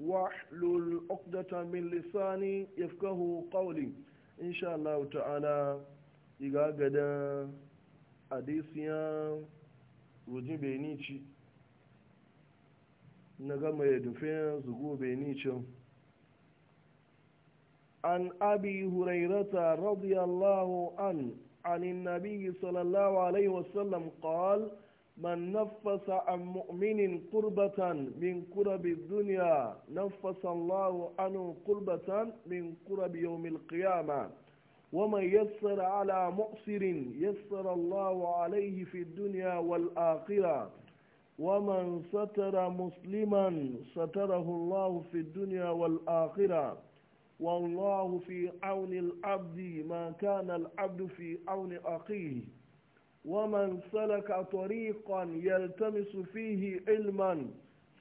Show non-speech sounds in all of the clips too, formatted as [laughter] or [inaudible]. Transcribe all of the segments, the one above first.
واحلل عقدة من لساني يفقه قولي إن شاء الله تعالى إذا قد أديسيا rujin benici na يدفين ya dufin zugu benicin an abi hurairata radiyallahu an عن النبي صلى الله عليه وسلم قال من نفس عن مؤمن قربة من قرب الدنيا نفس الله عنه قربة من قرب يوم القيامة ومن يسر على مؤسر يسر الله عليه في الدنيا والآخرة ومن ستر مسلما ستره الله في الدنيا والآخرة والله في عون العبد ما كان العبد في عون أخيه ومن سلك طريقا يلتمس فيه علما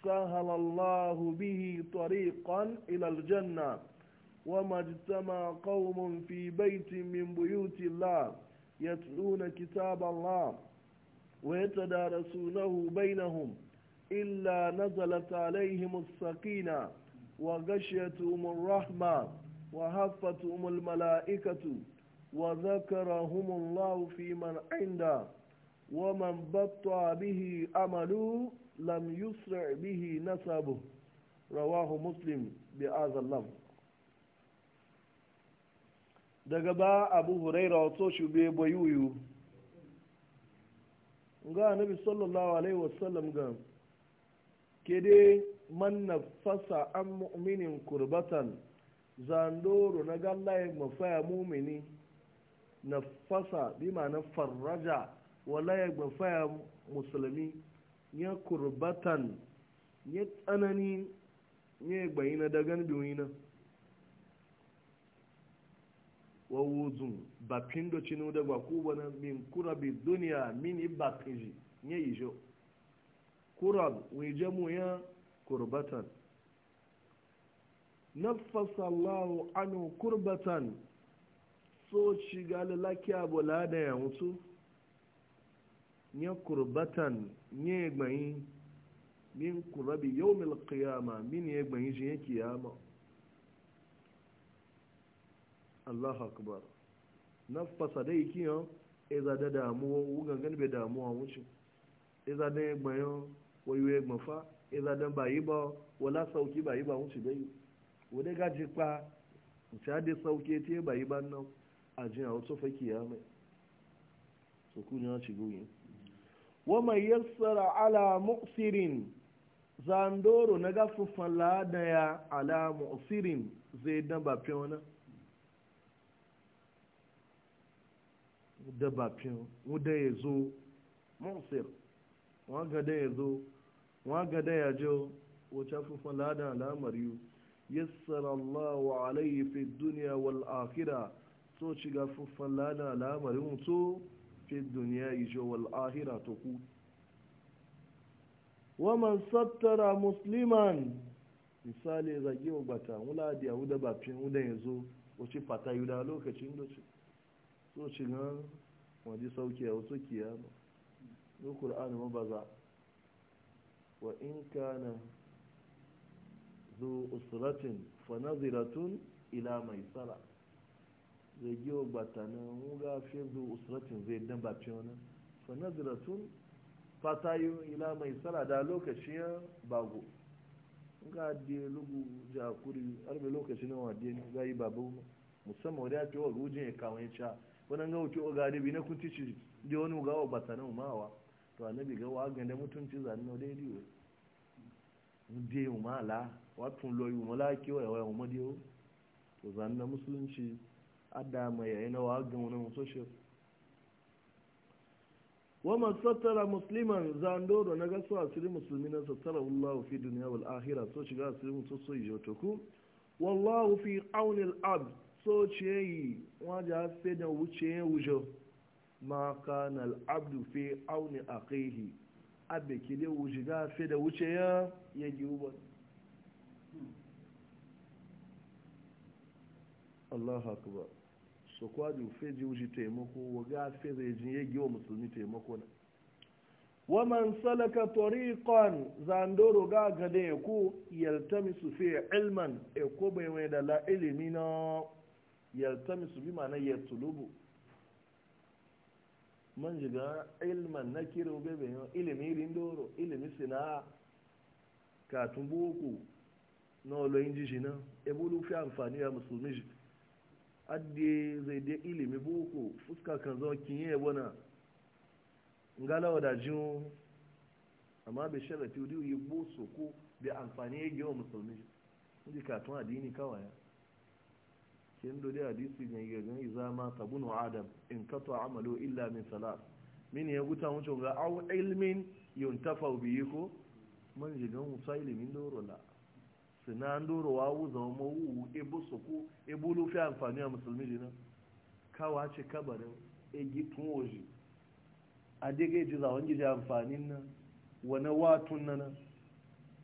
سهل الله به طريقا إلى الجنة وما اجتمع قوم في بيت من بيوت الله يتلون كتاب الله ويتدارسونه بينهم إلا نزلت عليهم السكينة وغشيتهم الرحمة وهفتهم الملائكة وذكرهم الله في من عنده ومن بطع به عمله لم يسرع به نسبه رواه مسلم بآذ الله daga أبو هريرة huraira wato shube bayuyu ga nabi sallallahu alaihi wasallam ga dai man fasa an mu'minin kurbatan zandoro na gallaye mafaya mumini nafasa bi na farraja wala ya gbafaya musulmi ya kurbatan ya tsanani ya gbayi na dagan biyu na wawuzun bakin da cinu da gwaku wani min kura bi duniya min ibakin ji ya yi jo kurab wajemu ya kurbatan nafasa lawo anu kurbatan so ci gala laki abola da ya mutu nye kurbatan nye gbanyi min kurabi yau mil kiyama min ya gbanyi shi ye kiyama allahu akbar na fasa dai yau iza da damuwa wugan gani bai damuwa wuce iza da egbayin wayo ya fa iza da yi ba wala sauki yi ba wuce dai wadai gaji pa nti ade sauki te yi ba nan ajin a wasu faki ya mai so ku ya ci goyi wa mai yassara ala mu'sirin zandoro na gafufan lada ya ala mu'sirin zai dan ba fi wani da ba fi wani ya zo mu'sir wani gada ya zo wani gada ya jo wacce fufan lada alamar yiwu yassara Allah wa alayhi fi duniya wal akhirah so ci ga fuffan lana lamarin mutu fi duniya ijo wal ahira to ku waman sattara musliman misali zage wa bata wula da yahuda ba fi wuda ya zo wace fata yuda lokacin da ce so ci na waje sauki a wasu kiyama no kur'ani ma baza wa in kana zo usratin fa naziratun ila maisara zai wa gbata na fiye fezu usratin zai dan ba fi wani fa nazaratun fata yi ila mai tsara da lokaci ya bago ga diya lugu jakuri arbe lokaci na wadiya ne ga yi babu musamman wadda ya fi wa gujin ya kawai ca wani ga wuce wa gari bi na kunci ci di wani ga wa bata na umawa to annabi ga wa ganda mutunci zanen na ya diyo diya umala watun loyi umala kewa ya waya umadiyo to zanen na musulunci adama ya yana wa agin wani musoshe wama sattara musliman zandoro na gasu asiri musulmi na sattara wallahu fi duniya wal akhirah so shiga asiri musu so yi jotoku wallahu fi aunil ab so ce yi wajen fe da wuce ya wujo ma kana al abdu fi auni akhihi abe kide wuce ga fe da wuce ya ya gi ubar Allah akbar so kwaju feji wuji taimako waga fere jin yi wa musulmi taimako na waman salaka tariqan zandoro ga gade ku yaltamisu fi ilman e ko bai wani da la ilimi na yaltamisu bi ya yatulubu man jiga ilman na kiro bebe yo ilimi rindoro ilimi sina ka tumbuku na oloyin jijina ebulu fi amfani ya musulmi jiki adde zai dai ilimi boko fuska kan zo kinye wana ngalawa da jin amma bai sharafi wuri yi boso ko bai amfani ya gewa musulmi inji katon addini kawai kin dai hadisi ne ga iza ma tabunu adam in kato amalu illa min salat min ya guta mutum ga au ilmin yuntafa bihi ko man jigan musa ilimin dorola suna ndoro wa zama ma wu ebu soko lufi amfani a musulmi jina kawa ce kabarin egi tun oji a daga ji zawon gije amfanin na wani watun nan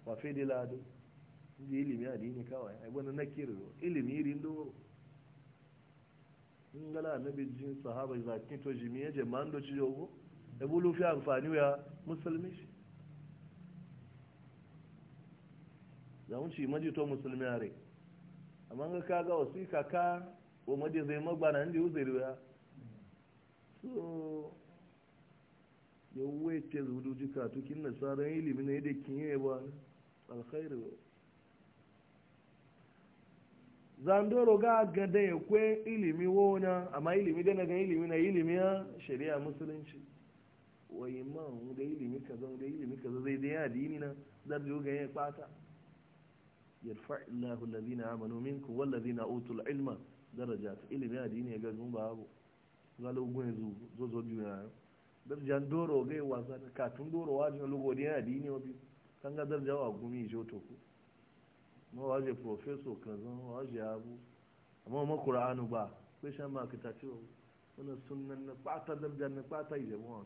wa fe ilimi lado ji ilimi adini kawai ai kiri nakiro ilimi iri doro ngalaba gala annabi jin sahaba zakin to jimi ya je mando ci jogo ebu amfani ya musulmi zaun ci maji to musulmi are amma ga ga wasu kaka ko maji zai na ndi uzuri ba so yawai ce zudu jika tukin nasarar ilimi ne da yi ba alkhairu zandoro ga gade ya kwe ilimi wona amma ilimi da ga ilimi na ilimi ya shari'a musulunci wai ma da ilimi kaza da ilimi kaza zai da ya dini na zarjo ga ya kwata yarfa illahu allazina amanu minkum zina utul ilma darajat ilimi addini ga gun babu galo gun zu zo zo biya darjan doro ga wasa ka tun doro wajin lugo din addini wabi kan ga darja wa gumi joto ku ma waje professor kan zan waje abu amma ma qur'anu ba sai shan ma ka tace wannan sunnan na fata darjan na fata yi jama'a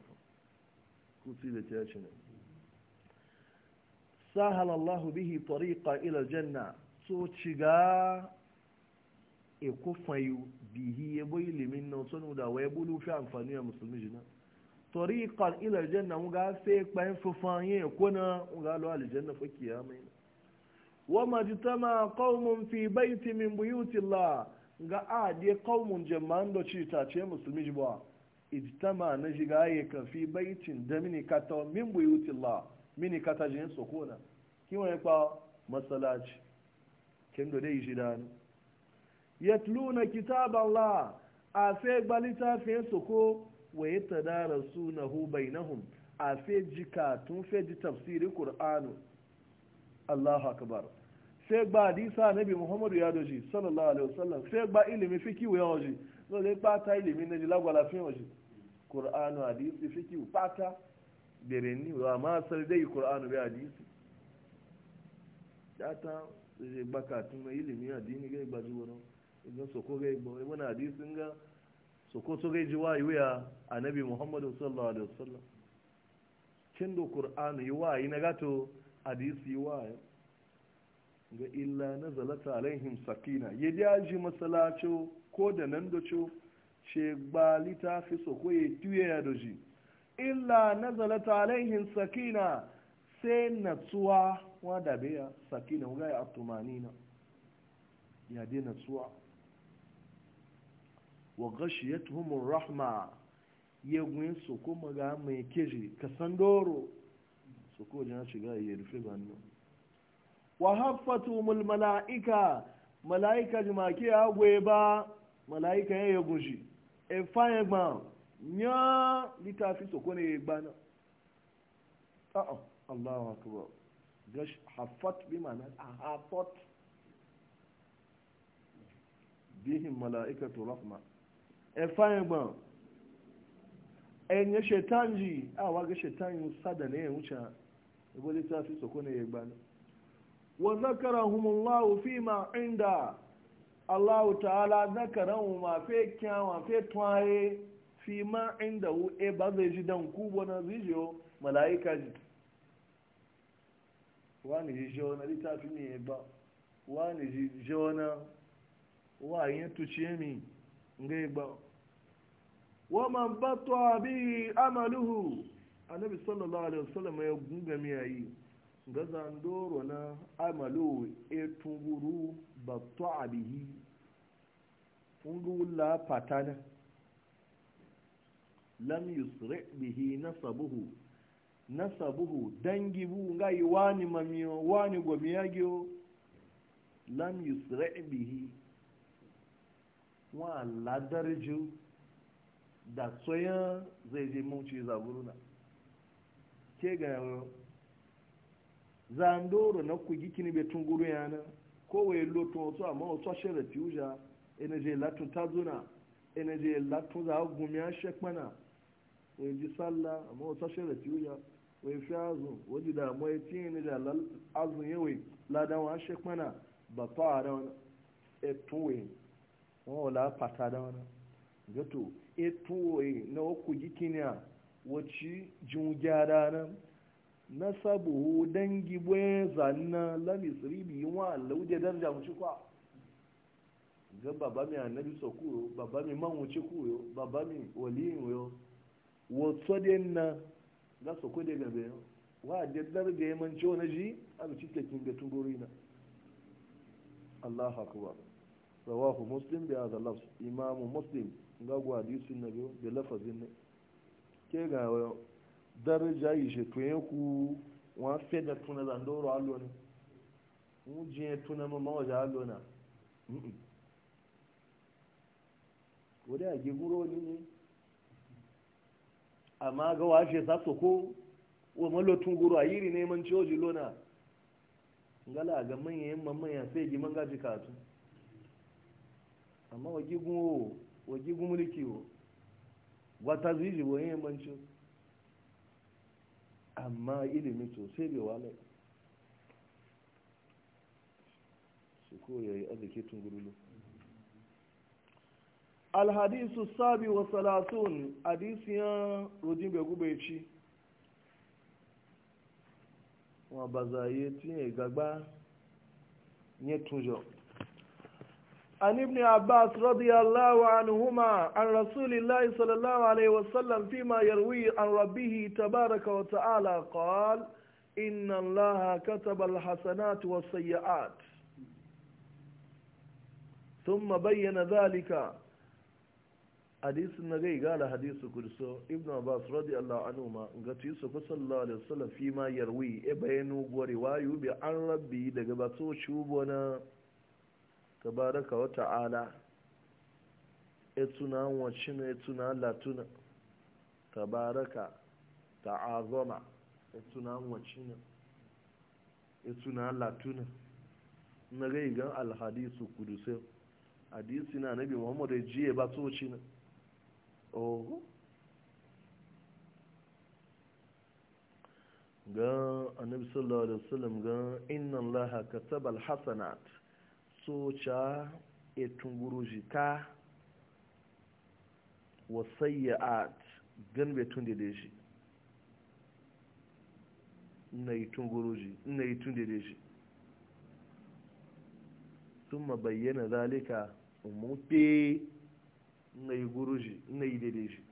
ku ci da tashi cewa. sahala bihi tariqa ila janna so ciga e ko fayu bihi ya boy limin na sonu da waya bulu fi amfani ya musulmi jina tariqa ila janna mu ga fe kpain fufan ye ko na mu ga lo aljanna fa kiyama wa majtama qaumun fi baiti min buyuti Allah ga a qaumun jama'an do ci ta ce musulmi jibo ijtama na jiga ye kan fi baitin damini kata min buyuti Allah mini katajin sokona kiwon kwa masalaci kin dai shi dani yatluna kitaballah a fe gbalita fe soko wa yatadarasunahu bainahum a fe jika tun fe ji tafsiri qur'anu Allahu akbar fe gba hadisa nabi muhammadu ya doji sallallahu alaihi wasallam fe gba ilimi fikihu ya oji lo le pata ilimi ne ji lagwala fe oji qur'anu hadisi fikihu pata bereni wa ma sar dai qur'anu bi hadisi data je baka tun mai ilimi addini ga gbaji wono idan soko ga gbo e wona hadisin ga soko so ga jiwa yuya annabi muhammadu sallallahu alaihi wasallam kin do qur'anu yuwa ina gato hadisi wa ga illa nazalata alaihim sakina yadi ji masalacho ko da nan do cho she ta fi soko ye tuye ya doji illa nazalat alaihim sakina sai natsuwa wadda biya sakina wuga ya na ya dai natsuwa wa ghashiyatuhum rahma ya gwin su kuma ga mai keji san doro su ko jina shiga ya rufe bannu wa haffatuhum malaika malaika jimaki ya gwe ba malaika ya yi gushi e fayin gbam nya littafi soko ne gbana a'a allahu akbar gash hafat bi ma'ana hafat bihim mala'ikatu rahma e fayin gbọn ẹ̀yẹ ṣetán yìí àwọn agẹ́ ṣetán yìí sádà ní ẹ̀hún ṣá ìbò littafi soko ne gbana wa zakarahumullahu fima inda allahu ta'ala zakarahum ma fe kyan fe tun fi ma inda wu e ba zai ji dan kubo na zijiyo mala'ika ji wani ji jiyo na littafi ne ba wani ji jiyo na wayin tuciye mi ngai ba wa man batwa bi amaluhu na sallallahu alaihi wasallam ya gungami yayi ga zandoro na amalu e tunguru bato bihi fungu la patana lam yusri bihi nasabuhu nasabuhu dangi bu ngai wani mamiyo wani gomiyagyo lam yusri bihi wa ladarju da tsoya zai je muci zaburuna ke ga zandoro na ku kini be tunguru yana waye loto to amma to shere fiuja ina je latun tazuna ina je latun za gumiya shekmana wai ji sallah amma wata sharati wuya wai fi azun waje wọn mai ne da wọn yawai ladan wa shek mana ba ta da wani etuwe wani wala fata da wani gato etuwe na waku gikiniya wacce jin gyara nan na Nasabu dangi bai zanna lamis ribi wa lauje darja mu wuce kwa ga baba mi annabi sokuro baba mi man wuce kuyo baba mi waliyin yo wasu na za su kude gabe wa jaddar ga yaman ciwo na ji a bi cikakken ga tuguri na Allah akbar rawahu muslim bi hadha lafz imamu muslim ga gwadi na nabi bi lafazin ne ke ga daraja yi je to yanku wa fe tuna da ndoro allo ne mu je tuna ma ma waje allo na wadda ya giguro ne amma ga washe za sa ko wa malotun guru a yiri neman coji lona ngala ga manyan mamaya sai gi man gaji katu amma wagi gumo wagi mulki wo wata ziji wo yin manci amma ilimi to sai bai wala su ko yayi arziki tun gurulu alhadisu sabi wa salatun hadisiyan rojin bai gube ci wọn ba zaye عن ابن عباس رضي الله عنهما عن رسول الله صلى الله عليه وسلم فيما يروي عن ربه تبارك وتعالى قال إن الله كتب الحسنات والسيئات ثم بين ذلك hadisun na gai gala hadisu kurso ibn abbas radiyallahu anhu ma ga ci su ku sallallahu alaihi wasallam fi ma yarwi e bayanu go wayu bi an rabbi daga bato shubona na tabaraka wa ta'ala e tuna wacce ne tuna latuna tabaraka ta'azama e tuna wacce ne e tuna latuna na gai gan al hadisu kurso hadisi na nabi muhammad ya jiye bato shi na oh ga annabi sallallahu alaihi wasallam ga inna allaha kataba alhasanat so cha etungurujita wa sayyi'at gan be tunde de shi na itunguruji na itunde de shi thumma bayyana zalika umuti na yi guru shi na yi daidai shi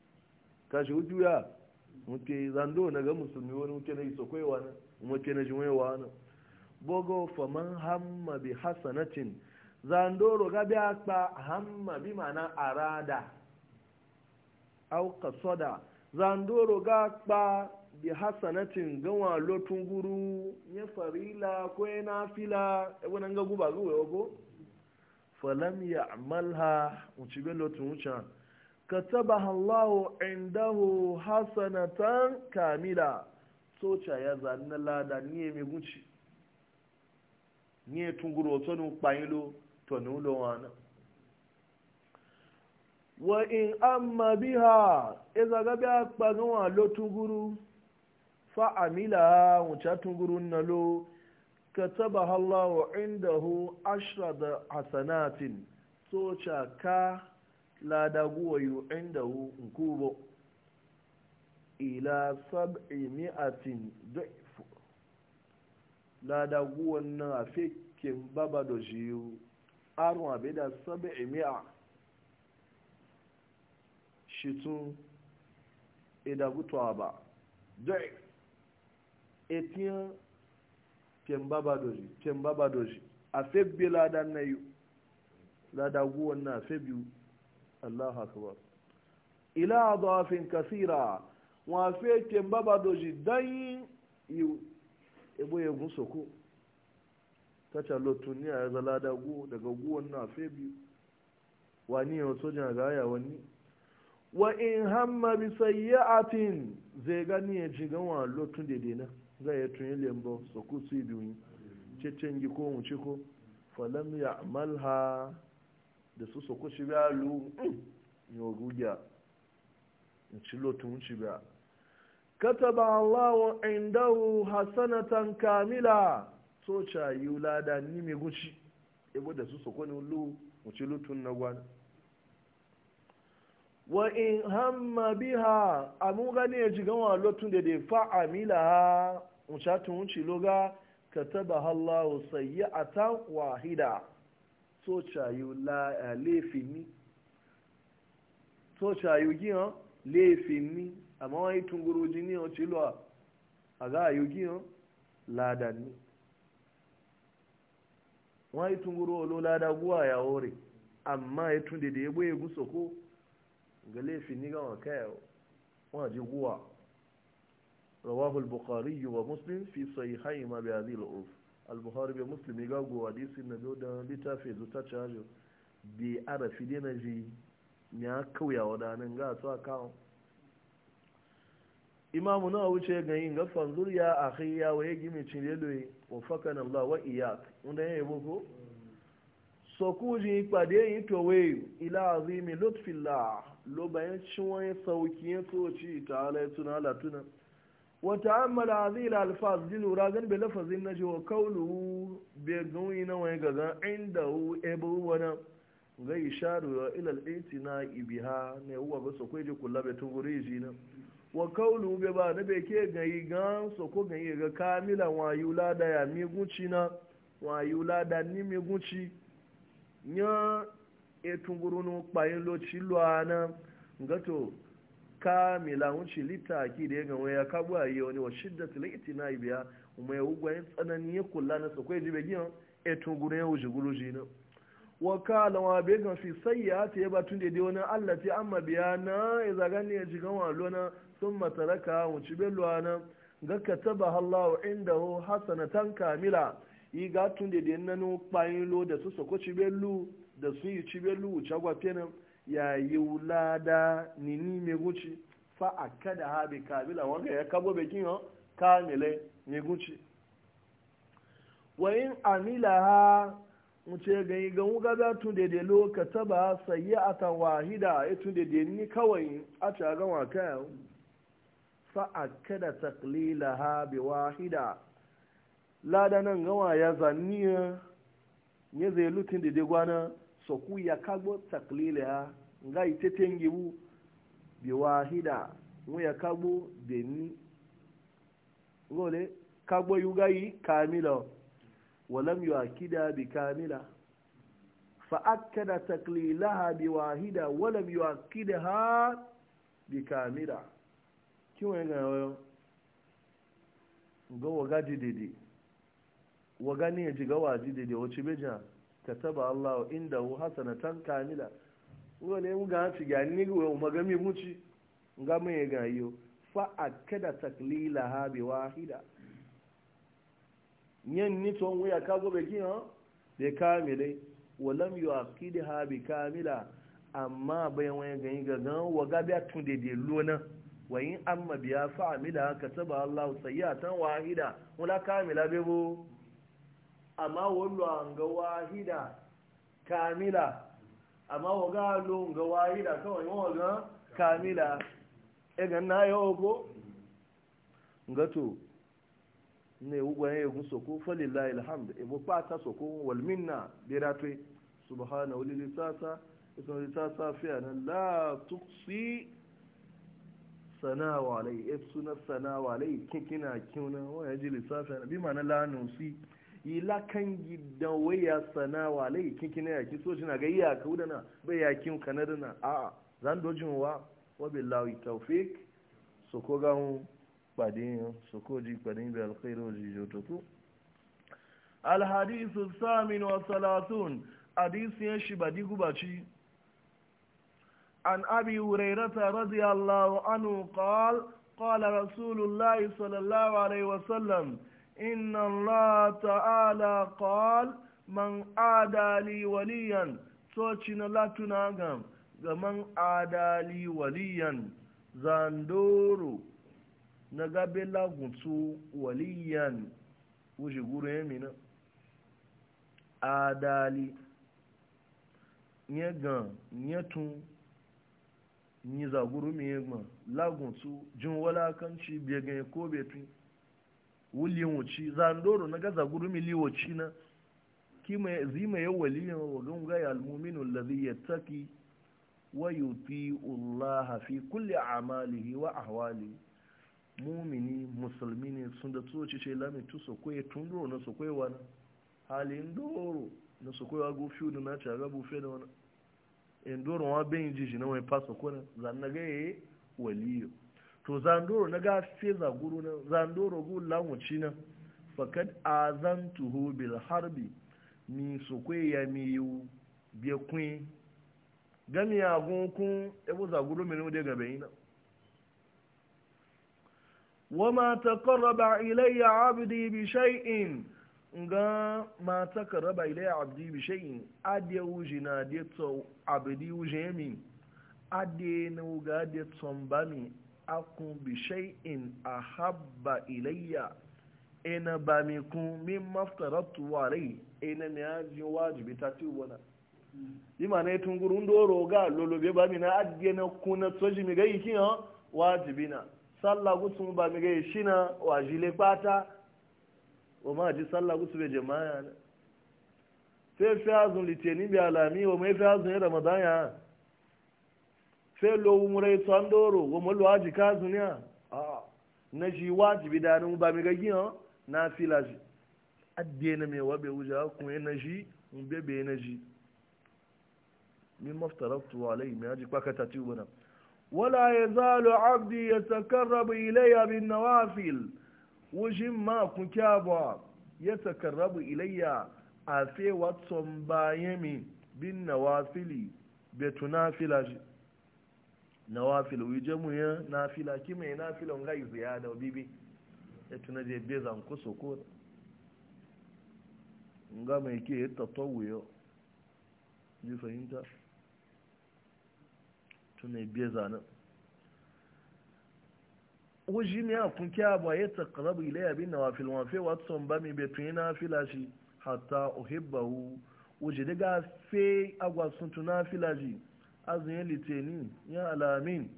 kashi wuce ya muke zando na ga musulmi wani muke na yi wa na muke na wa na bogo faman hamma bi hasanatin zando ga bi akpa hamma bi mana arada au kasoda zando ga akpa bi hasanatin gawa lotun guru ya farila ko ya nafila e wani ga guba ga wago falam ya'malha wuce bello tun wuce katabaha Allah indahu hasanatan kamila socha ya zanna lada ni mi guci ni tunguro to nu payilo wa in amma biha iza ga biya pagan wa lo tunguru fa amila wuce tunguru na lo katabaha Allah indahu ashrada hasanatin so cha ka ladaguwa yu indahu nkubo ila sab'i mi'atin du'fu ladaguwan na fikin baba da jiyu arun abe da sab'i mi'a shitun idagutuwa ba du'fu etiyan ken baba doji ken baba doji a febbi ladan na yi lada guwan na febbi allahu akbar ila adafin kasira wa fe ken baba doji dan yi ebo ya gun soko ta calo tuni a yaza lada gu daga guwan na febbi wani yau sojan ga ya wani wa in hamma bi atin zai gani ya jigan wa lotun daidai na ga yi tun yi lembo su ku su biyu cecen gi ko mu ko falam ya malha da su su ku shi biya lu yau gugiya in ci lotun ci biya kataba allahu indahu hasanatan kamila so ca yi da ni mai guci ibo da su su ku ni lu mu ci lotun na gwana wa in hamma biha amu gani ya jigan wa lotun da dai amila ha mucatun wuce loga ka taba hallahu sayyatan wahida so cayu eh, laifin so cayu giyan ni amma wani tunguru jini o ci lo a ga ayu giyan ladan ni wani tunguru olo lada guwa ya ore amma ya tun da ya boye gusa ko ga laifin ni gawa kai wa ji guwa rawahul bukhari wa muslim fi sahihai ma bi hadhihi al-urf al-bukhari bi muslim ga guwa hadisi na do da litafi zuta charge bi arafi dai na ji ya kauya wadanan ga su aka imamu na wuce ga yin gafan ya akhi ya waye gimi cin leloyi wa fakana Allah wa iyak unda yayi boko sokuji pàdé yìí tòwe ilá azimi lutfillah ló bayan sauki ya soci tare tuna latuna wata amala azila alfaz ji lura gan be lafazin na jiwa kaulu be gani na wani gaza inda hu ebe wani zai isharu ya ilal itina ibiha ne uwa ga sokwe ji kula be tunguri ji na wa kaulu ba na bai ke gayi gan soko gayi ga kamila wayu lada ya mi na wayu lada ni mi nya etungurunu kpayin lo ana gato ka mila wuce lita ki da ya gawa ya kabu yi wani wa shidda tiliti na ibiya mai ugwayin tsanani ya kula na sakwai jibe giyan etungurun ya wuce guruji na wakala wa bai gan fi a ta yaba tun da wani allah ta amma biya na e ya ne ya jigan walo na sun mataraka wuce bello na ga kataba hallahu inda hasana tan kamila iga tun da den nan kpayin lo da su soko lu da su yi lu wuce gwafenan ya yi da nini meguci fa a kada ha bi kabila wanga ya kabo bekin yau kamile meguci wayin amila ha wuce gani ga wuga za tun da da ka taba sayi a ta wahida ya tun da ni kawai a ta gama kayan fa a kada taklila ha bi wahida lada nan gawa ya zaniya ne zai lutin da degwana so ku ya kagbo taklila ya ga ite tengi bu bi wahida mu ya kagbo da ni gole kagbo yi kamila walam akida bi kamila fa akkada taklilaha bi wahida walam ha bi kamila kiwon ga wayo gawa wa gaji daidai wa gani ya jiga waji da da wace bija ka taba Allah inda hu hasanatan kamila wale mu ga ci gani ne go magami muci ga mai ga yo fa akada taklila ha bi wahida nyen ni ton wuya ka go be kin ha be kamile walam yuaqidha bi kamila amma bayan ga gani ga gan wa ga biya tun da de na. wa amma biya fa amila ka taba Allah sayyatan wahida wala kamila bebo amma wallo ga wahida kamila amma waga lo ga wahida kawai waga kamila e ga na yawo ko ngato ne ugwaye gun soko falillahi alhamd e mo pata soko wal minna biratwe subhanahu lillahi tata isan tasa fi an la tuqsi wa alai e suna wa alai kikina kiuna wa yaji lissafi bi ma na la nusi ila kan gidan waya sana wa lai kinki na yaki so jina ga iya kauda na bai yakin kanada na a zan dojin wa wa billahi tawfik so ko ga mu badin so ko ji badin bi alkhairu ji jotoku al hadithu thamin wa salatun hadisi ya shi badi gubaci an abi hurairata radiyallahu anhu qala qala rasulullahi sallallahu alaihi wasallam إن الله تعالى قال من عادى لي وليا توشنا لا تناغم من عادى لي وليا زاندورو نغابي لاغوتو وليا وجي غورو يمينا عادى لي نيغان nyetun nyi zaguru mi yegma lagun tu jin wala kan ci biye ko betun wuliyan wuci zandoro na gaza mili wuci na kima zima yau waliyan gai al almuminu lazi ya taki wa yuti Allah fi kulli amalihi wa ahwali mumini musulmi ne sun da tso ce lami tu so koye doro na so koye wani halin doro na so koye wago fiye da nace aga bufe da wani in doro wa bayan jiji na wani fasa kone zanna ga waliyo to zandoro na gafe feza na zandoro gu lamuci na fakad tuho bil harbi su kwe ya miyu biya bi gani a agun kun ebo zaguru mi no gaba yi na. wama taqarraba ilayya abdi bi shay'in nga ma taqarraba ilayya abdi bi shay'in wuji na adiya to abdi wujemi ade na uga de mi. akun bi shay'in ahabba ilayya ina ba mi kun min maftaratu warai ina ne ya ji wajibi ta ti wana ima na tun gurun doro ga lolobe ba mi na adge na kuna tsoji mi gai kiyo wajibi na sallah gutsu ba mi gai shina jile pata o ma ji sallah gutsu be jama'a na sai fi azun litinin bi alami o mai fi azun ya ramadan ya sai lowu murai san doro go mo lwaji ka a na shi wajibi da nan ba mi ga giyan na fila shi adde na me wabe wuja kuma na shi mun bebe na shi min maftaratu alai mai aji kwakata kata ti wona wala zalo abdi ya yatakarrabu ilayya bin nawafil wujin ma kun kyaba yatakarrabu ilayya a sai watson bayemi bin nawafili betunafila shi na wafil wije mu ya nafila ki mai nafila nga ziyada bibi ya tuna je bezan ku so ko nga mai ke tatawu yo ni fahimta tuna bezan wuji ne a kun kya ba ya taqrabu ilayya bin nawafil wa fi watson ba mi betun nafila shi hatta uhibbahu wuji daga fe agwasun tuna filaji azumin litini ya alamin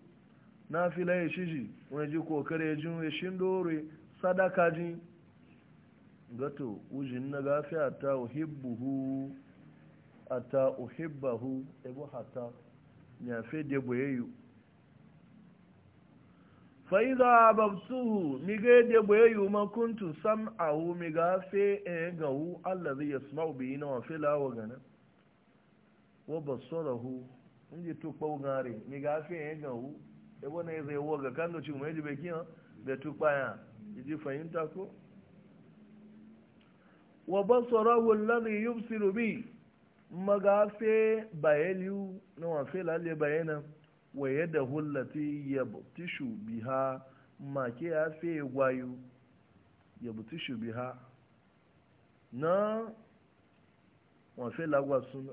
na fila ya shiji wani ji kokare ya jin ya shin dore sadaka ji gato ujin na gafi ta uhibbuhu a ta uhibbahu ebo hata ya fi debo ya yi fa'iza babtuhu miga debo ya yi makuntu sam'ahu miga ga hu allazi ya smau biyi na wa fila wa gana wa nji tukpa ugari mi ga fi yin ga wu ebo na zai wo ga kan doci mai jibe kiyan da tukpa ya ji fahimta ko wa ba basarahu alladhi yubsiru bi magafe bayeliu na wa fe lalle bayana wa yadahu allati yabtishu biha ma ke ya fe gwayu yabtishu biha na wa fe lagwa suna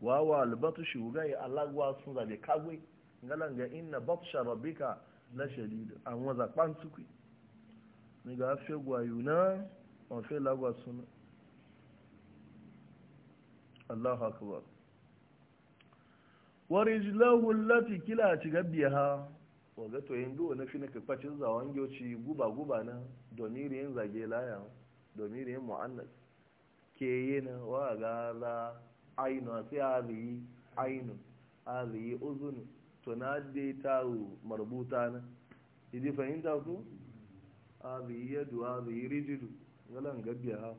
wawa albatshi wugai alagwa sun zabe kagwe ngalan ga inna batsha rabbika la shadid an waza kwantsukui ni ga fe gwayuna on fe lagwa sun Allahu akbar wa rijlahu allati kila ci gabiha wa ga to yin do na fi naka kwacin zawon gyoci guba guba na domiri yin zage laya domiri yin mu'annas ke yi na wa ga la ainu sai hazihi ainu hazihi uzunu to na dai taru marbuta na idi fahimta ku hazihi yadu hazihi rijidu galan gabiya ha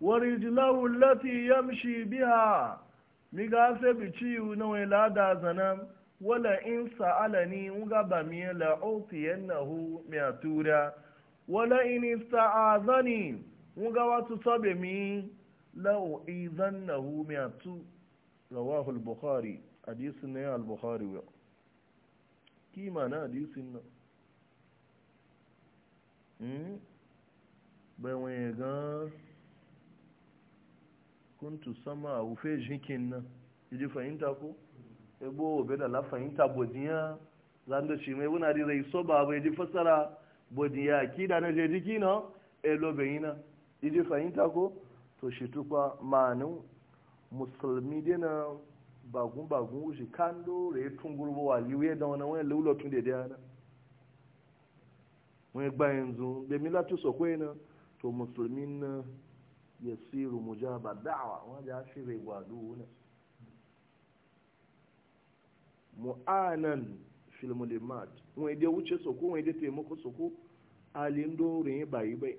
warijlahu allati yamshi biha miga sai biciyu na wai lada zana, wala in sa'alani uga ba mi la utiyannahu tura, wala in ista'azani nga watu sabe mi la'u'izannahu mi'atu rawahu al-bukhari hadisin ne al-bukhari wa kima na hadisin na hmm bai gan ga kuntu sama a wufe jikin nan iji fahimta ko ebo obe da la fahimta bodiya zan da shi mai wuna di zai so ba bai ji fassara bodiya ki da na je jiki na elo bayina iji fahimta ko to shi tukwa manu musulmi dina bagun bagun wuce kando da ya tun gurbo wa liwe da wani wani lulo tun da dana wani gba yanzu da milatu sokwai na to musulmi na ya siru mujaba da'awa wani da shi rai gwado wani mu'anan filmulimat wani da wuce so ku wani da taimako ku alin dorin bayi bai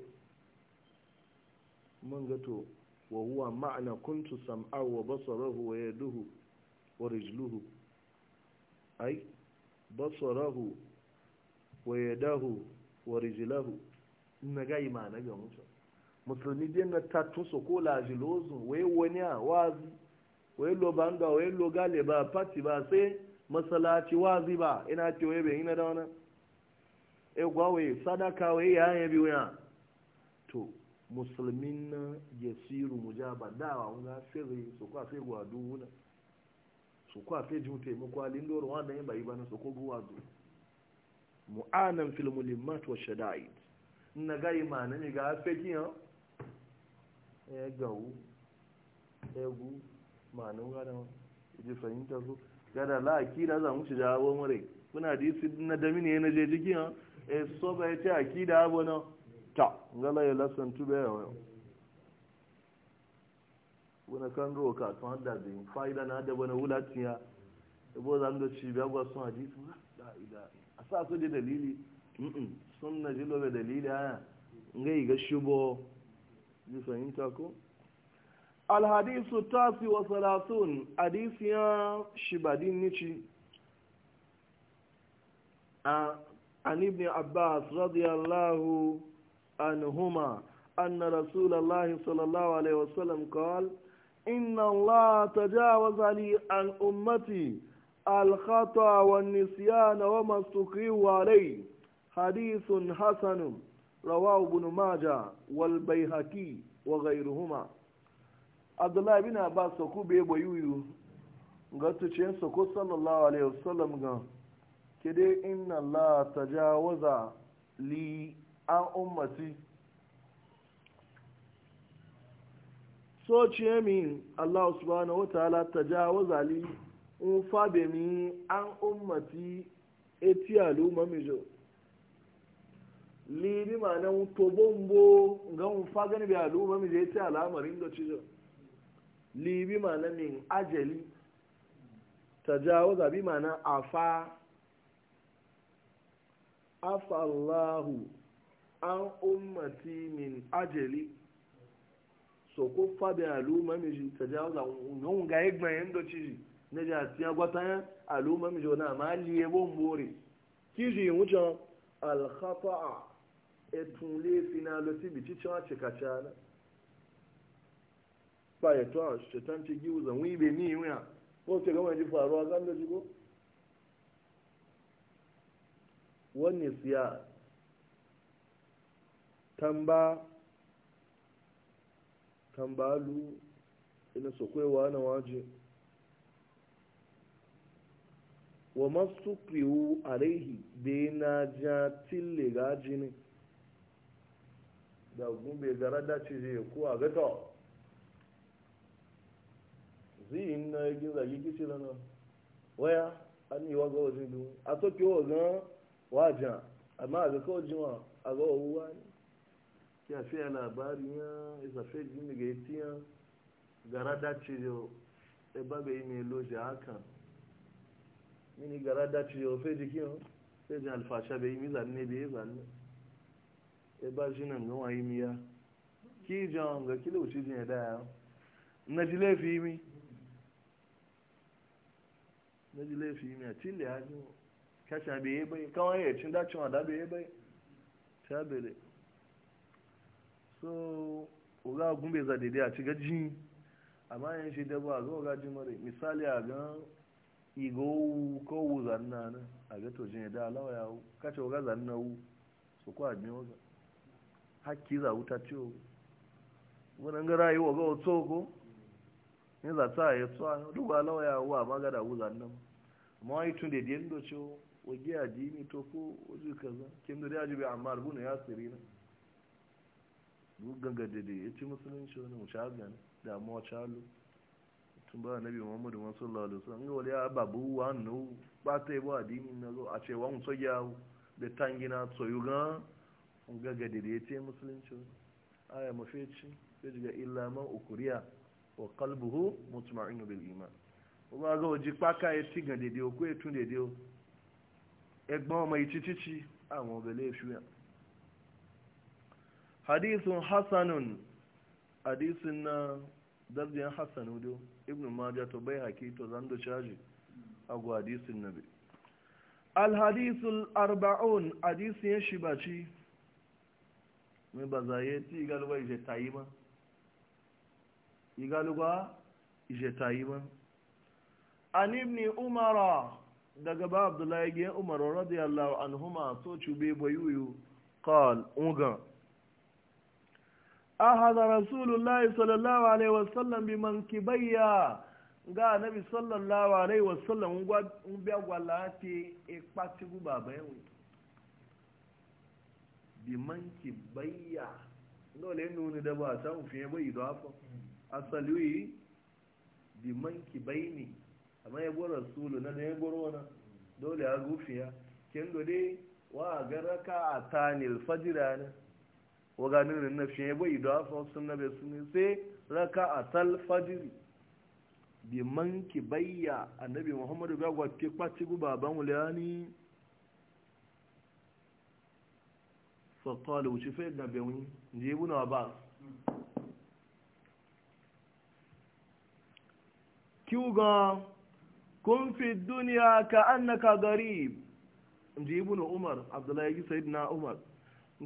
man gato wa huwa ma'ana kuntu sam'a wa basarahu wa yaduhu wa rijluhu ai basarahu wa yadahu wa rijluhu na ga imana ga mutum musulmi dai na tatu so ko lajilozu wai wani a wazi wai lo banga wai lo gale ba fati ba sai masalaci wazi ba ina ce wai bai ina da wani e gwawe sadaka wai ya yabi ya to musulmin na yasiru mujaba dawa nga fere so kwa fe gwa duuna so kwa fe jute mu kwa lindoro wanda yamba ibana so ko gwa du mu'anan fil mulimmat wa shada'id na ga imana ni ga fe ki ha e gawu egu manu ga da ji fahimta so ga da la akida za mu ci jawo mure kuna hadisi na damini ne je jiki ha e so ba ya ce akida abu na ta ngala ya lasan tube ya wayo wani kan roka tun hada da yin fa'ida na hada wani wulacin ya ibo zan da ci biya gwa sun hadisi da ah, ida a sa su da dalili sun na jilo da dalili haya ah, nga yi ga shubo ji fahimta ko alhadisu tasi wa salatun hadisiya shibadin nici a ah, an ibn abbas radiyallahu عنهما أن رسول الله صلى الله عليه وسلم قال إن الله تجاوز لي عن أمتي الخطأ والنسيان وما استقيوا عليه حديث حسن رواه ابن ماجه والبيهقي وغيرهما عبد الله بن عباس سكو بي بيويو غاتو تشين سكو صلى الله عليه وسلم كده إن الله تجاوز لي an ummati so min Allah subhanahu wa ta'ala tajawaza li un fabe mi an ummati eti aluma mijo li bi ma na to bombo ga un faga ni bi aluma mijo eti alamarin do cijo li bi ma na min ajali tajawaza bi ma na afa afa Allahu an ummati min ajali so ko fabe aluma mi ji ta jawza ngon ga egba yendo ci ne ja ti agota ya aluma mi jona ma e bo bore ki ji jo al khata'a tun le fina lo ti bi ti cha che na ba e to tan ti giuza wi be ni ya ko se ga ma ji faruwa kan da ji ko wani siya tamba tambalu ina sokwewa na waje wa masu kriwu a rehi bai na ja tille gaji ne da gumbe gara dace zai ko a gata zai na yagin zagi kici rana waya an yi waga wajen dun a tokewa gan wajen amma a ga kawai jima a ga wawuwa ne ya a fiye labari ya isa fe gini ga iti gara dace yo e ba yi ne loje haka mini gara dace yo fe jiki yo fe jin alfasha bai yi mi zanne bai zanne e ba shi nan gawa yi miya ki jan ga kila wuce jin ya daya na ji laifi mi na ji laifi mi a cile ya ji na bai yi bai kawai ya cin dacin wada bai yi bai ta bele so oga gumbe za daidai a ci gaji amma yin shi da ba zo gaji mara misali a gan igowu ko zanna na a ga to jini da alawa ya kace oga zanna wu su ko admi oga hakki za wuta ciwo wannan ga rayuwa ga otso ko ne za ta ya tsawa duk alawa ya a ma gada wu zanna amma wani tun da dindo ciwo a adini to ko wajen kaza kin da ya jibi amma rubuna ya sirina ganga da ya ci musulunci wani mushagan damuwa calo tun ba nabi muhammadu masu lalata an ga wali ababu wani ba ta yi ba adini na zo a ce wani so yawo da tangina tsoyu gan ganga da ya ci musulunci wani aya mafeci ya ji ga ilaman ukuriya wa kalbuhu mutuma'inu bil iman ba ga waje kpaka ya ci ga daidai ko ya tun daidai ẹgbọn ọmọ ìtítítí àwọn ọbẹ̀ lè fi hàn hadisun Hassanun, hadisun na darjiyar hassan hudu ibn majah to bai haki to zan da caji a gu hadisun nabi alhadisul arba'un hadisun ya shi baci mai ba zaye ti igaluwa ije tayi ma igaluwa ije tayi ma an ibni umara daga ba abdullahi gyan umaru radiyallahu anhuma so cube bayuyu qal ugan أخذ رسول الله صلى الله عليه وسلم بمنكبيا ga nabi sallallahu alaihi wasallam ń bí agwàlá ti ipa ti gú bàbá ẹ̀wọ̀n bí man kì báyà náà lè nù ní dábọ̀ àtàwọn fi ẹgbẹ́ ìdọ́ afọ́ asàlú yìí bí man kì báyì ni àmọ́ ẹgbọ́ rasulu náà ní ẹgbọ́ rọ́nà dole agúfìyà kí ń lò dé wọ́n àgẹ́rẹ́ ká àtàní alfajira náà waganin na fiye bai da wasu sun na bai sun sai raka a tal fajiri bi man ki bayya annabi muhammadu ga gwafi kwaci guba ban wuliyani fakwale wuce fai da bewin je buna ba kiwuga kun fi duniya ka annaka garib je buna umar abdullahi na umar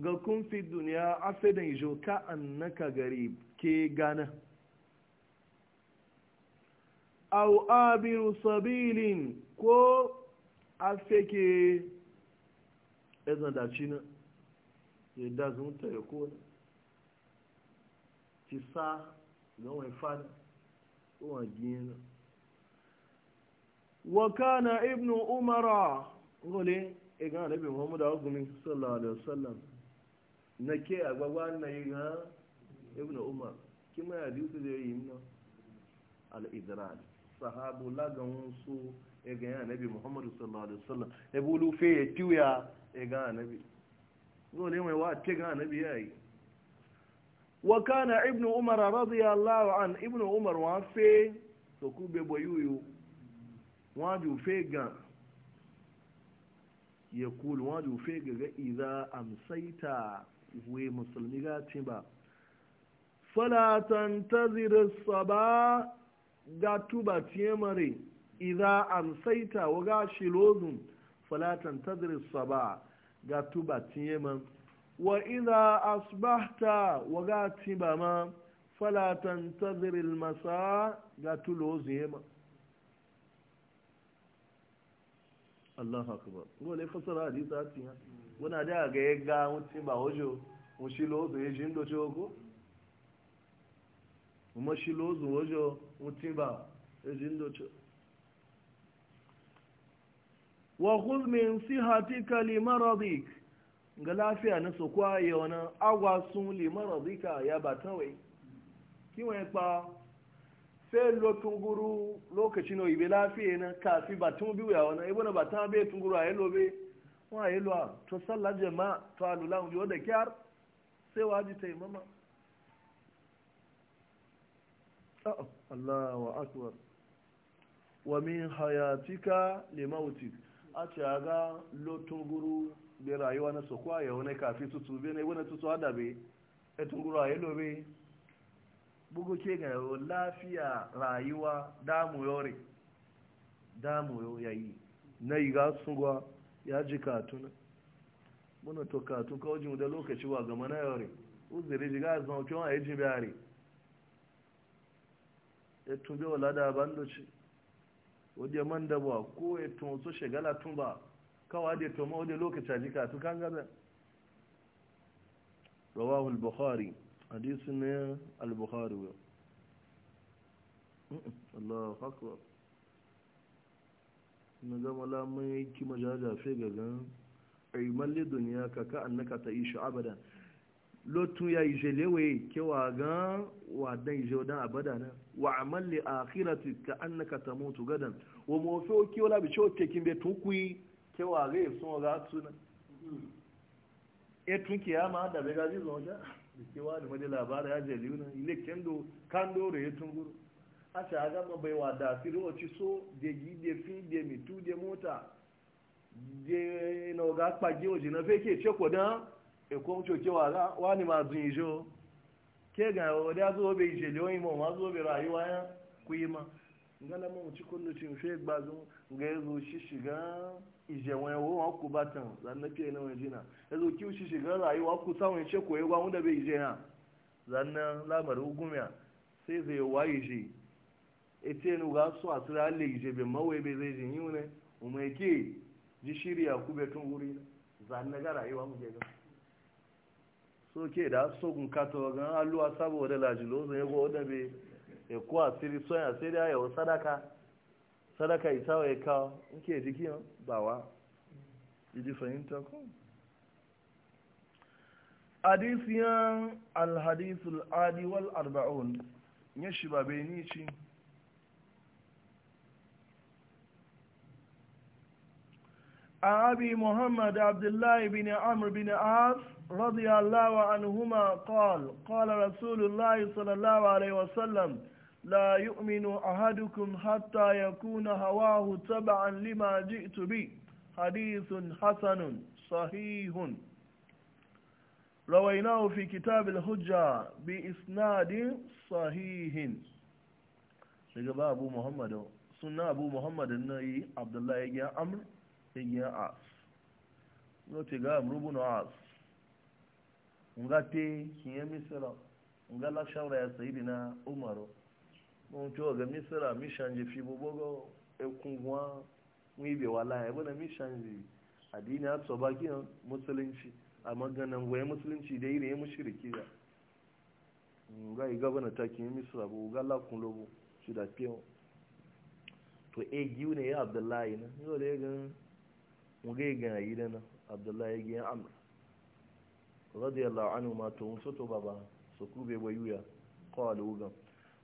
ga kun fi duniya afidan ijo ka annaka gari ke gana au abiru sabilin ko afeke ezan daci na yadda zun tare ko na ti sa ga wani fada ko wani gina na wa na ibnu umara gole igan e rabin muhammadu agumin sallallahu alaihi wasallam na ke agbagwa na yi ha ibn umar kima ya biyu zai yi na al-idran sahabu lagan su ya ga ya nabi muhammadu sallallahu alaihi wasallam ya bulu fe ya tiya ya ga no ne mai wa ke ga nabi ya yi wa kana ibn umar radiyallahu an ibn umar wa fe to ku be boyuyu wa ju fe ga ya kulu wa ju fe ga idza amsaita we musulmi ga ce ba falatan tazir saba ga tuba ce mare an saita wa ga lozun falatan tazir saba ga tuba ce man wa idza asbahta wa ga ce ba ma falatan tazir masa ga tulozun ma Allah ba. gole fasara hadisa a cikin wọ́n adé àgẹ́ ga ń tí bà ọjọ́ mo eji lóòzùn ogo? ń dojú ogó mo ṣí eji ọjọ́ mo tí bà èjì ń dojú. وخذ ga lafiya na su ya wani agwasun sun limara zika ya ba tawai kiwon pa fe lokacin guru lokaci na ibe lafiya na kafi ba tun biyu ya wani ibu na ba ta bai tun guru a yi lobe wa yi luwa to sallar jama'a to alula yau da kyar sai waji ta yi mama Allah wa ah, akwar min hayatika limautik a ce a ga da rayuwa na su kwaye wani kafi tutu bene wani tutu hada be etun guru a lobe bugu ke ga lafiya rayuwa damu yore damu yayi na yi ya ji na muna to katun wajen da lokaci wa gama na yawari uzuri jiga zama kyau a yi ji biyari ya wa e lada ban doci wadda man da ba ko ya e tunso shagala tun ba kawai da tuma wadda lokaci a ji katun kan gaza rawahu al-bukhari ne al-bukhari Allah akbar na gama lamai kima jajafe ga gan le duniya ka ka annaka ta ishu abada lotu ya ishe lewe kewa gan wadan ishe wadan abada na wa le akhirati ka annaka ta mutu gadan wa mofe oki wala bi cewa tekin be tunkui kewa ga yi e sun ga tuna e tunki ya ma da bai gaji zuwa ja da kewa da madi labara ya je liuna ile kendo kando da ya e tunguru a ga a gama wa da firoci so da gi da fi da mitu da mota da na ga kpagi oji na ke ceko ko dan ekon coke wani ma zun ijo ke ga wani ya zo bai je leon ma ma zo bai rayuwa ya ku yi ma ngana mu ci kunnu cin fe gbazu ga zo shi shiga ije wani wo wa ku batan zan na ke na wani jina yazo kiu shi shiga rayuwa ku sawun ce ko yi gwa mu da bai je ya zan lamarin hukumiya sai zai waye shi etienu ga su a tura alle ije be mawai be zai jin yiwu ne umai ke ji shirya ku be tun wuri na zan na ga rayuwa mu ga so ke da so gun kato ga alluwa saboda lajilo zai yago da be e ko asiri so ya sai da ya sadaka sadaka isawa ya nke jiki bawa wa iji fahimta ko hadisiyan alhadisul adi wal arba'un ya shi ba ni أبي محمد عبد الله بن عمرو بن عاص رضي الله عنهما قال قال رسول الله صلى الله عليه وسلم لا يؤمن أحدكم حتى يكون هواه تبعا لما جئت به حديث حسن صحيح رويناه في كتاب الحجة بإسناد صحيح لقب أبو محمد سنة أبو محمد النبي عبد الله بن عمرو egiyan as n'otu ga amurubu na as nga te kinye misira nga la shawara ya sayidi na umaru n'otu oga misira mishanji fi bubogo ekungwa nwibe wala ya bana mishanji adini a tsoba giyan musulunci a maganan goye musulunci da iri ya mushiriki ya nga yi gabana ta kinye misira bu ga la kun lobo su da fiyo to e giyu ya abdullahi na yau da ya mugai ga yi da nan abdullahi ya gina amur radiyallahu anhu ma to musu to baba su ku bai bayuya kawai lugan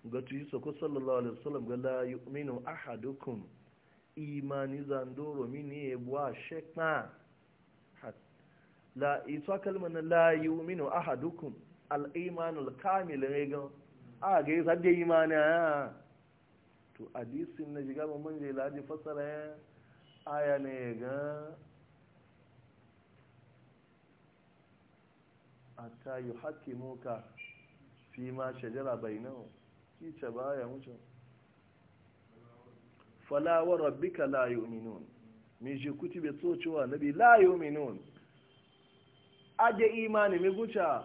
ga tuyi su ku sallallahu alaihi wasallam ga la yu'minu ahadukum imani zandoro mini ya buwa shekna la isa kalmar la yu'minu ahadukum al-imanul kamil ne a ga yi sadda imani a to hadisin na jiga ban manje laji fasara ya eh. aya ne ga hatta yi haƙƙi muka fi ma shajara bai nan kice ba ya mucin falawar rabbika la yu'minun min shi kuti bai tsocewa nabi la yu'minun aje imani mi guca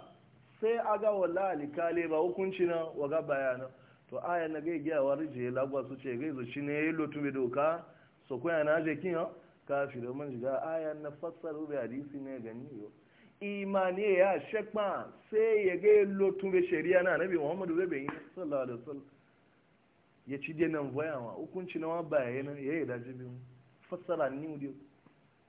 sai aga wala alikale ba hukunci na waga bayana to aya na gai gyawa rijiye lagwa su ce gai shi ne ya yi lotu mai doka so ko yana je kin yo kafiro man jiga aya na fassaru bi hadisi ne gani yo imani ya shekpa sai ya ga lotun be shari'a na nabi muhammadu zai bayin sallallahu alaihi wasallam ya ci dai nan voyawa hukunci na ba yana yayi da jibi fassara ni mu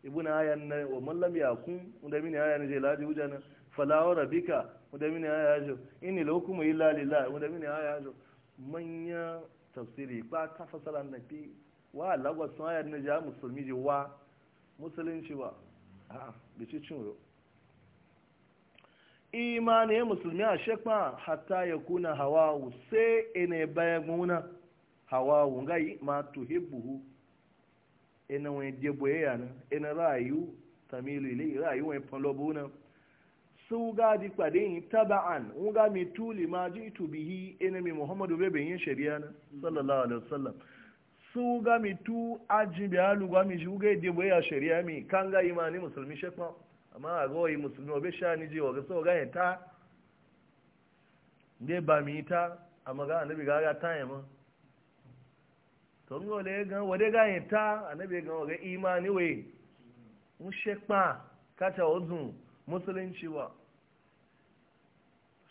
ibuna aya na wa man lam yakun da mini aya je laji hujana fala wa rabbika da mini aya jo inni lakum illa lillah da mini aya jo manya tafsiri ba ta fassara na fi wa lagos sun hayar na ja musulmi ji wa musulunci ba a bici cin yau imani musulmi a shekpa hatta ya kuna hawawu sai ene bayan guna hawawu ga yi ma tuhibbuhu ina wani debo ya na ina rayu tamilu ile rayu wani palobu na su ga di pade yin taba'an un ga mi tuli ma ji tubihi ina mi muhammadu bebe yin shari'a na sallallahu alaihi wasallam su gami tu ajin bi halu gami shi uga ide boye ya shari'a mi kan ga imani musulmi shekma amma a ga yi musulmi obe sha ni ji waga so ga ta de ba mi ta amma ga anabi ga ga ta yamma to ngo le ga wode ga ta anabi ga waga imani we mu shekma kata ozun musulunci wa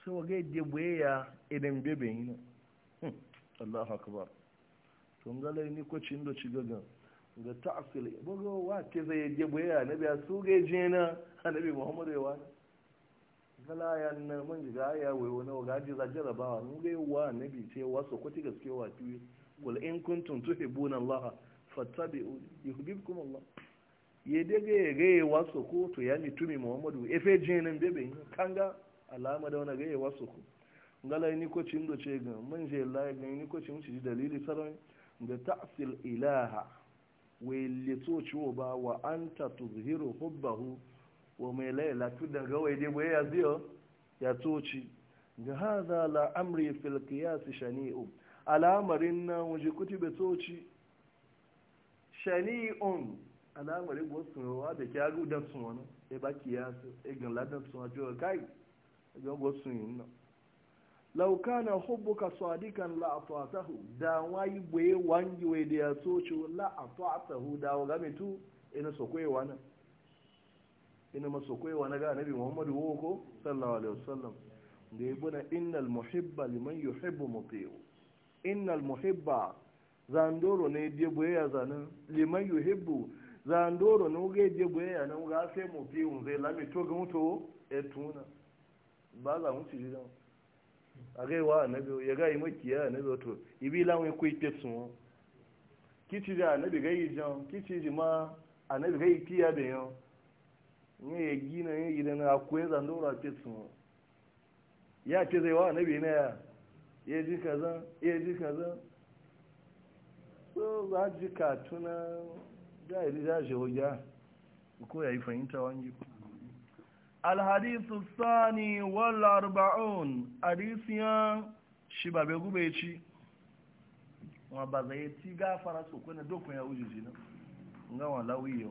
so waga ide boye ya idan bebe yin hm, Allahu akbar sun gala ni ko cin do ci gaga ga ta'sil bogo wa ke zai je boya na biya su ga je na annabi muhammadu ya wani gala ya [laughs] na man ga ya wai wani ga ji za jarabawa mun ga wa annabi ce wasu ko ti gaske wa ti wal in kuntum tuhibbuna allah fattabi'u yuhibbukum allah ye daga ya ga ya wasu ko to ya tumi muhammadu efe je nan bebe kanga alama da wani ga ya wasu ko ngala ni ko cin do ce ga man je la ga ni ko cin ci dalili sarai da ta'sil ilaha wa litoci ba wa an ta tuzhiru hubbahu wa mai laila tu da gawai dai bai ya ziyo ya toci ga haza la amri fil qiyas shani'u alamarin na waje kutibe toci shani'un al'amari wasu wa da kyaru da sun wani e ba kiyas e gan ladan sun wa kai e ga wasu yin nan laukana hubbuka sadikan la'atatahu da wayi boye wangi we da yaso ci la'atatahu da waga tu ina sokwe wana ina masokwe wana ga nabi muhammadu woko sallallahu alaihi wasallam da yibuna innal muhibba liman yuhibbu muti'u innal muhibba zandoro ne de boye ya zanan liman yuhibbu zandoro ne uge de boye ya nan ga sai muti'u zai lami to ga muto tuna. ba za mu ci jidan a gaiwa annabi ya ga yi makiya annabi wato ibi lawon ku ipe tun kici da annabi ga yi jan kici ji ma annabi ga yi piya da yan ne ya gina ya gina na akwai zandora pe tun ya ce zai wa annabi na ya ya ji kaza ya ji kaza so za ji katuna da ya ji da shi hujja ko ya yi fahimta wani Alhadisu sani wala arba'un, hadisiya shi ba bai gube ci, ma ba zai ti gafara su kone dokun ya uji jina, ga wa lauyiyo.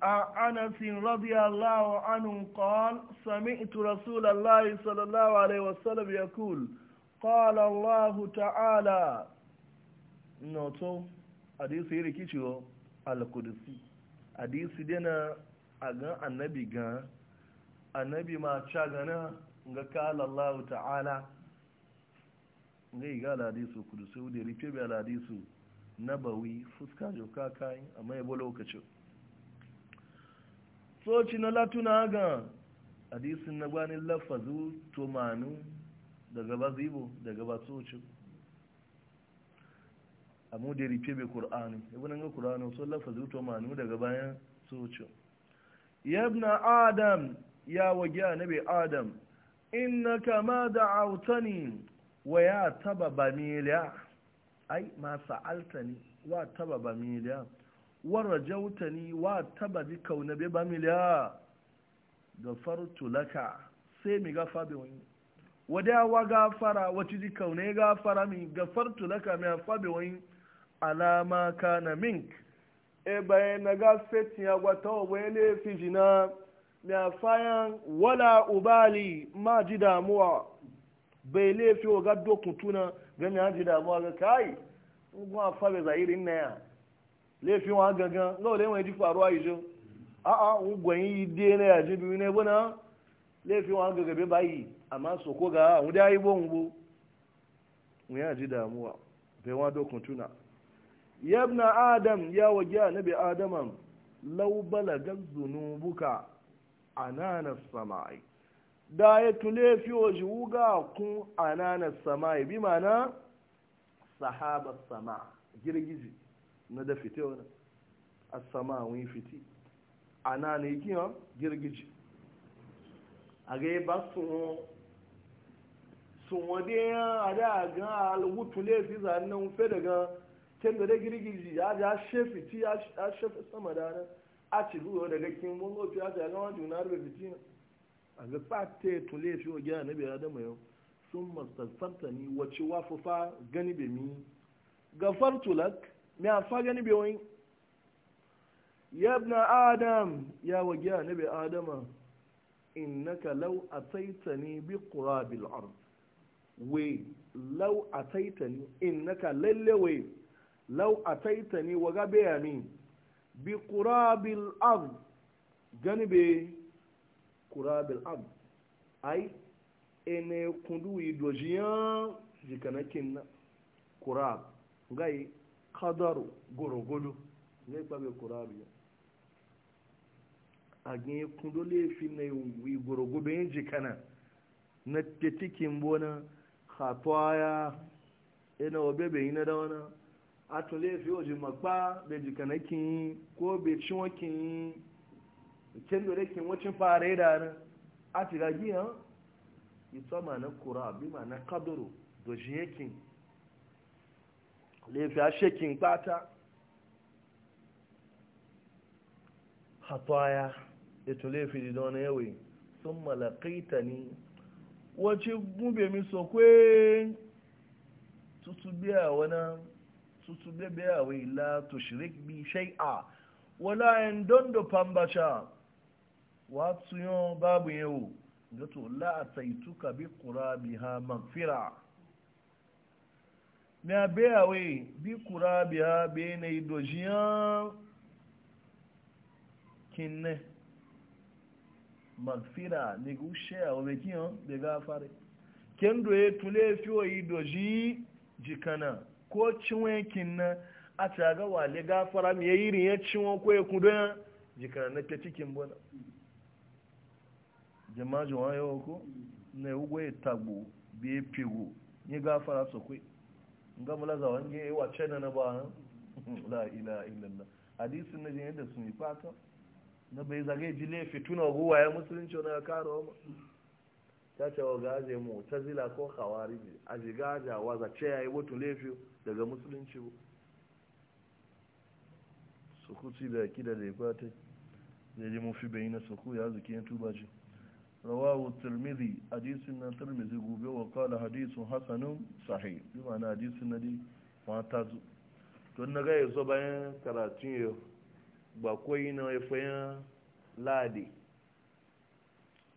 A anasin radiyallahu anun sami itu Rasulallahi sallallahu Alaihi wasallam ya kul, kawala Allahu ta'ala, noto, hadisi yi rikicewa al-Kudusi, hadisi dina a gan annabi gan. annabi ma cagana ga kala Allah ta'ala ga iga ladisu kudu sau da rufe bai ladisu na bawi fuska joka kayan a mai bu lokacin soci na latuna ga hadisin na gwani lafazu tomanu daga ba zibo daga ba soci a mu da rufe bai kur'ani ibi ga kur'ani so lafazu tomanu daga bayan soci yabna adam ya a nabi adam da Auta da'awtani wa ya taba bamiliya ai ma sa'altani wa taba bamiliya wa rajautani wa taba bi kaunabe Ga gafartu laka sai mi gafa bi wani wadawa gafara wacce ji kaune gafara mi gafartu laka mi hafa bi wani alama kana mink e bayan na gafetin ya gwata wa bayan fi jina mai fayan wala ubali ma ji damuwa bai laifi wa gado kutuna gani an ji damuwa ga kai kuma fa bai zahiri na ya laifin wa gangan ga wale mai ji faruwa yi jo a a ugwan yi de na ya ji biyu ne bana laifin wa gangan bai bayi amma so ko ga mu da yi bon bu mu ya ji damuwa bai wa do kutuna yabna adam ya na bi adamam law balaga zunubuka. ananas sama'i da ya tule fi waje wuga kun ananas sama'i bi mana sahaba sama girgizi na da fite wani a sama wani fiti anana yi kiyan girgiji a ga ba sun sun wade ada a ga alwutu laifi zanen fe daga can da girgiji ya ja shefiti ya shefi sama da nan a ci zuwa daga kin mun gofi a ta gama juna da fitina a ga fata tun laifi wa gina na biya Adama yau sun mastasarta ni wace wafafa gani bai mi gafar tulak mai afa gani bai wani yabna adam ya wa gina na bai adama in naka lau a ni bi kurabil ard we lau a in naka lalle we lau a taitani wa gabe yamin bi kurabil ard gani be kurabil ard ai ene kundu idojiyan jikana na kurab gai kadaru gorogodo ne pa be kurabi ya agin kundu le fi na wi gorogobe yin jikana na tetikin bona khatwaya ina obebe ina da wana atun le fi oji magba be jikana kin ko be chiwon kin ken dore kin wacin fare da ran ati ga gi han ito ma na kura bi ma na kadoro do jiyekin le fi ashekin pata hataya ito le fi di don ewe sun malakaita ni wacin gube mi so kwe tutu biya wani tutu bebe awai la tushrik bi shay'a wala en dondo pambacha watu yo babu yau gato la ataituka bi qurabiha magfira me abe awai bi qurabiha be ne idojian kinne magfira ne gushe awai kiyon de gafare kendo ye tule fiyo idoji jikana ko ciwon na a caga wale gafara mai yayi rin ya ciwon ko ya kudu jikara na ta cikin bana jama'a wa yawa ko na ugbo ya tagbo biye figo ni gafara su kwai ga mula za wani ya e yi wa na na ba [laughs] la ila illallah hadisin na jini da sun yi fata na bai zage ji laifi tuna guwa ya musulunci na ya karo ma ta ce wa gaje mu ta zila ko hawari a jigaja wa ce ya yi wutu laifi daga musulunci ba su kuci da akida da ya fata da ya mafi bayyana su ku ya zuke ya tuba ce rawahu tirmidhi hadisin na tirmidhi gobe wa kala hadisun hasanun sahih bi ma'ana hadisin na dai mata zu don na gaya zo bayan karatun yau ba koyi na haifayen ladi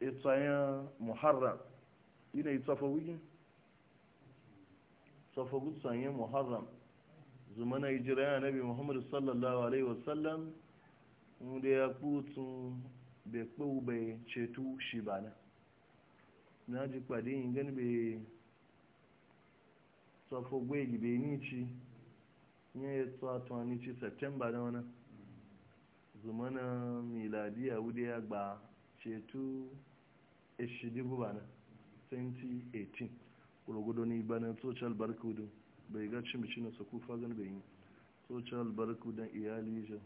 ita yin muharram ina yi tsafa wujin safa gutsan yin muharram zumana hijira ya nabi muhammadu sallallahu alaihi wasallam wanda ya kutu bai kpau bai ceto shi ba na na ji kwade yin gani bai safa gwegi bai nici ya yi tsatuwa nici september na wani zumana ya wuda ya gba ceto 2018 gudu ni bana social don bai ga cin bici na ku fagan bai yi social don iyali jan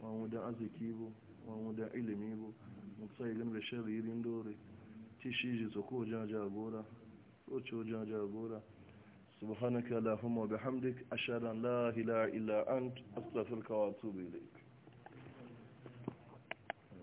wani wadda arziki bu wani wadda ilimi bu musa igan da shan ririn dore tishi ji saku wajen jagora soce wajen jagora subhanaka allahumma bihamdik ashhadu an la ilaha illa ant astaghfiruka wa atubu dai.